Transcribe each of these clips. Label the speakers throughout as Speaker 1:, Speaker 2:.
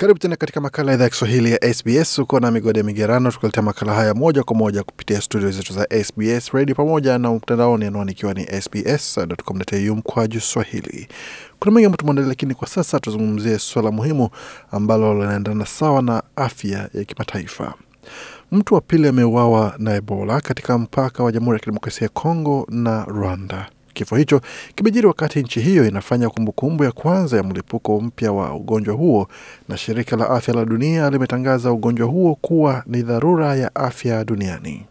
Speaker 1: Karibu tena katika makala ya idhaa ya Kiswahili ya SBS. Uko na migode migerano, tukuletea makala haya moja kwa moja kupitia studio zetu za SBS radio pamoja na mtandaoni, anwani ikiwa ni sbs.com.au mkwaju swahili. Kuna mengi ambayo tumeandalia, lakini kwa sasa tuzungumzie suala muhimu ambalo linaendana sawa na afya ya kimataifa. Mtu wa pili ameuawa na Ebola katika mpaka wa Jamhuri ya Kidemokrasia ya Kongo na Rwanda. Kifo hicho kimejiri wakati nchi hiyo inafanya kumbukumbu kumbu ya kwanza ya mlipuko mpya wa ugonjwa huo, na shirika la afya la dunia limetangaza ugonjwa huo kuwa ni dharura ya afya duniani.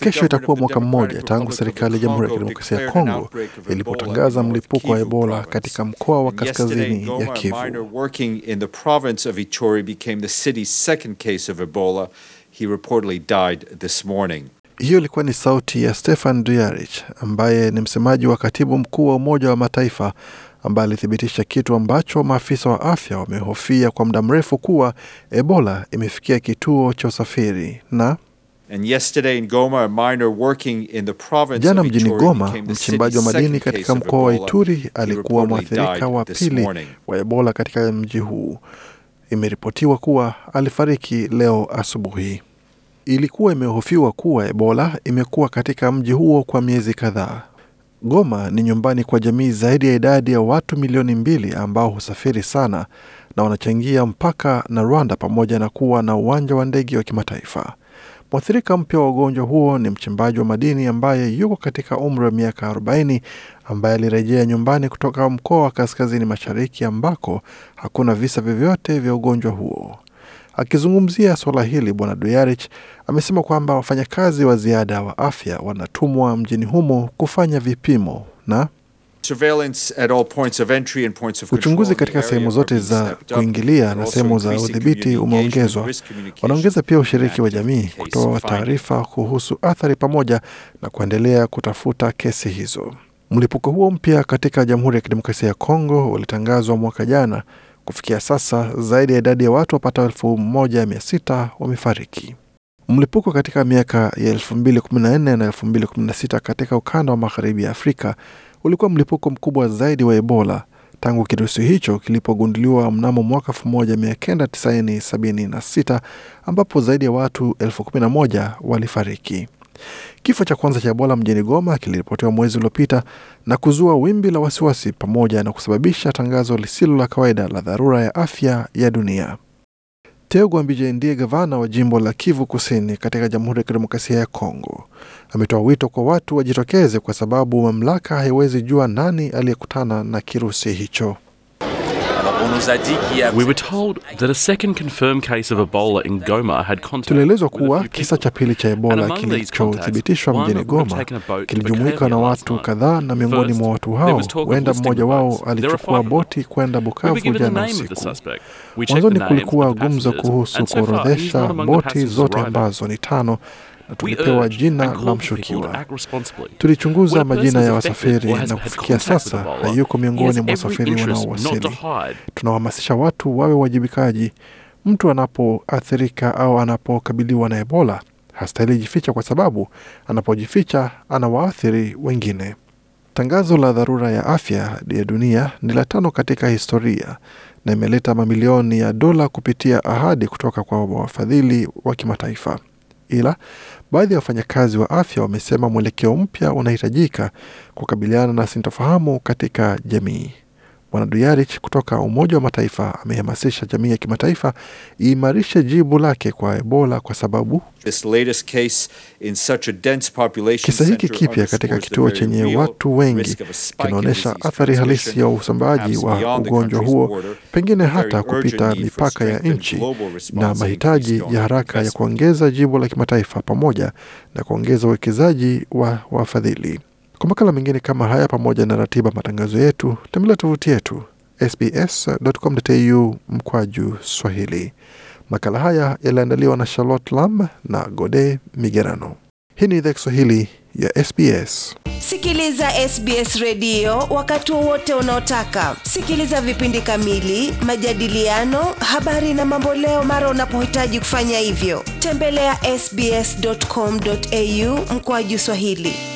Speaker 1: Kesho itakuwa mwaka mmoja tangu serikali ya Jamhuri ya Kidemokrasia ya Kongo ilipotangaza mlipuko wa Ebola katika mkoa wa kaskazini ya Kivu. Hiyo ilikuwa ni sauti ya Stefan Duyarich ambaye ni msemaji wa katibu mkuu wa Umoja wa Mataifa ambaye alithibitisha kitu ambacho maafisa wa afya wamehofia kwa muda mrefu kuwa Ebola imefikia kituo cha usafiri na
Speaker 2: Jana mjini Goma, mchimbaji wa madini katika mkoa wa Ituri
Speaker 1: alikuwa mwathirika wa pili wa Ebola katika mji huu. Imeripotiwa kuwa alifariki leo asubuhi ilikuwa imehofiwa kuwa Ebola imekuwa katika mji huo kwa miezi kadhaa. Goma ni nyumbani kwa jamii zaidi ya idadi ya watu milioni mbili ambao husafiri sana na wanachangia mpaka na Rwanda pamoja na kuwa na uwanja wa ndege wa kimataifa. Mwathirika mpya wa ugonjwa huo ni mchimbaji wa madini ambaye yuko katika umri wa miaka 40 ambaye alirejea nyumbani kutoka mkoa wa kaskazini mashariki ambako hakuna visa vyovyote vya ugonjwa huo. Akizungumzia swala hili, Bwana Duyarich amesema kwamba wafanyakazi wa ziada wa afya wanatumwa mjini humo kufanya vipimo na
Speaker 2: uchunguzi katika sehemu zote za kuingilia na sehemu za udhibiti umeongezwa.
Speaker 1: Wanaongeza pia ushiriki wa jamii kutoa taarifa kuhusu athari pamoja na kuendelea kutafuta kesi hizo. Mlipuko huo mpya katika Jamhuri ya Kidemokrasia ya Kongo ulitangazwa mwaka jana Kufikia sasa zaidi ya idadi ya watu wapatao elfu moja mia sita wamefariki. Mlipuko katika miaka ya 2014 na 2016 katika ukanda wa magharibi ya Afrika ulikuwa mlipuko mkubwa zaidi wa Ebola tangu kirusi hicho kilipogunduliwa mnamo mwaka 1976 ambapo zaidi ya watu elfu 11 walifariki. Kifo cha kwanza cha Ebola mjini Goma kiliripotiwa mwezi uliopita na kuzua wimbi la wasiwasi pamoja na kusababisha tangazo lisilo la kawaida la dharura ya afya ya dunia. Teo Gwambije ndiye gavana wa jimbo la Kivu Kusini katika Jamhuri ya Kidemokrasia ya Kongo. Ametoa wito kwa watu wajitokeze, kwa sababu mamlaka haiwezi jua nani aliyekutana na kirusi hicho. Tulielezwa kuwa kisa cha pili cha Ebola kilichothibitishwa mjini Goma kilijumuika na watu kadhaa, na miongoni mwa watu hao huenda mmoja wao alichukua boti kwenda Bukavu jana usiku. Mwanzoni kulikuwa gumzo kuhusu kuorodhesha boti zote ambazo ni tano tulipewa jina la mshukiwa. Tulichunguza majina ya wasafiri na kufikia sasa hayuko miongoni mwa wasafiri wanaowasili. Tunawahamasisha watu wawe wajibikaji. Mtu anapoathirika au anapokabiliwa na Ebola hastahili jificha, kwa sababu anapojificha anawaathiri wengine. Tangazo la dharura ya afya ya dunia ni la tano katika historia na imeleta mamilioni ya dola kupitia ahadi kutoka kwa wafadhili wa kimataifa ila baadhi ya wafanyakazi wa afya wamesema mwelekeo mpya unahitajika kukabiliana na sintofahamu katika jamii. Bwana Duyarich kutoka Umoja wa Mataifa amehamasisha jamii ya kimataifa iimarishe jibu lake kwa Ebola kwa sababu
Speaker 2: kisa hiki kipya katika kituo chenye watu wengi kinaonyesha athari halisi ya usambaaji wa ugonjwa huo, pengine hata kupita mipaka ya nchi, na mahitaji ya haraka ya kuongeza
Speaker 1: jibu la kimataifa pamoja na kuongeza uwekezaji wa wafadhili. Kwa makala mengine kama haya pamoja na ratiba matangazo yetu, tembelea tovuti yetu sbs.com.au mkwaju Swahili. Makala haya yaliandaliwa na Charlotte Lam na Gode Migerano. Hii ni idhaa Kiswahili ya SBS. Sikiliza SBS redio wakati wowote unaotaka. Sikiliza vipindi kamili, majadiliano, habari na mamboleo mara unapohitaji kufanya hivyo. Tembelea ya sbs.com.au mkoaji Swahili.